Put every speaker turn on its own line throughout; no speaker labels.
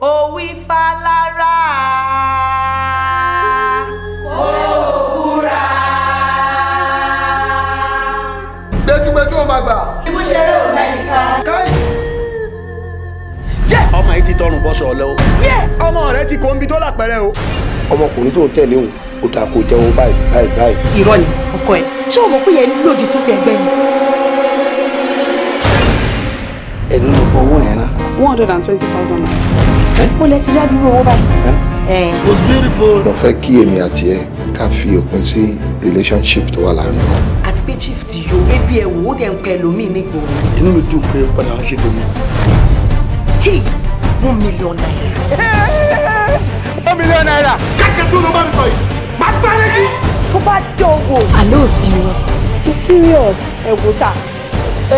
òwífà lára. òkúra. gbẹtugbẹtu ò máa gbà. ibú ṣe eré òun náà nìkan. káyọ̀ ọmọ yìí ti tọrùn bọ́sọ̀ ọ̀lẹ́ o. ọmọ rẹ ti kò ń bi tó lápẹ̀rẹ̀ o. ọmọkùnrin tó ń tẹ̀lé òun kò dáa kó jẹ́wọ́ báyìí báyìí báyìí. irọ́ ni ọkọ ẹ̀ ṣé o mọ̀ pé yẹn lòdì sókè ẹgbẹ́ ni. 120,000. hundred and twenty thousand naira. ó ti rí àdúgbò owó báyìí. it was beautiful. mo fẹ́ kí èmi àti ẹ ká fi òpin sí relationship tó wà láàrin wa. àti pé chief ti yọ ebi ẹ wò ó dẹ̀ ń pẹ́ lómi nígboro. inú mi dùn pé padà wá ṣe tèmi. hey one million naira. one million naira. kẹ́kẹ́ tó ló bá mi sọ yìí máa sáré kí. tó bá jọ wò. àlọ́ serious. serious ẹ̀wò sáà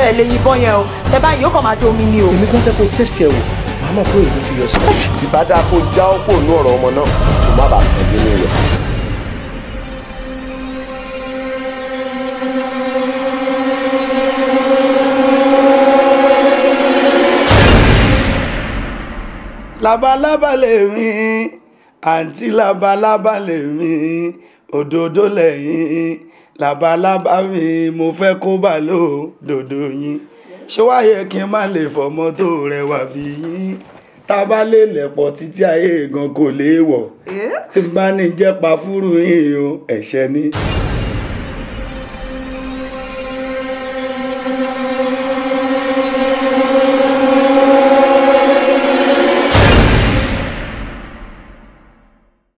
ẹ lè yìnbọn yẹn o tẹ bá yìí ó kàn máa di omi ni o. èmi kàn fẹ́ kó tẹ́sítì ẹ̀ wò màá mọ̀ pé èmi fi yọ sí. ìbádá kó já ó kó nú ọ̀rọ̀ ọmọ náà kó má bàa tẹ̀lé ní rẹ̀. labalábá lèmi àǹtí labalábá lèmi òdòdó lẹ́yìn labalábá mi mo fẹ́ kó bà lódodo yín ṣé wàá yẹ kí n má lè fọmọ tó rẹwà bí yín tá a bá lè lẹ̀pọ̀ títí ayé gan kò léèwọ̀ tí n bá ní jẹ́ pa fúrú yín o ẹ̀ṣẹ̀ ni.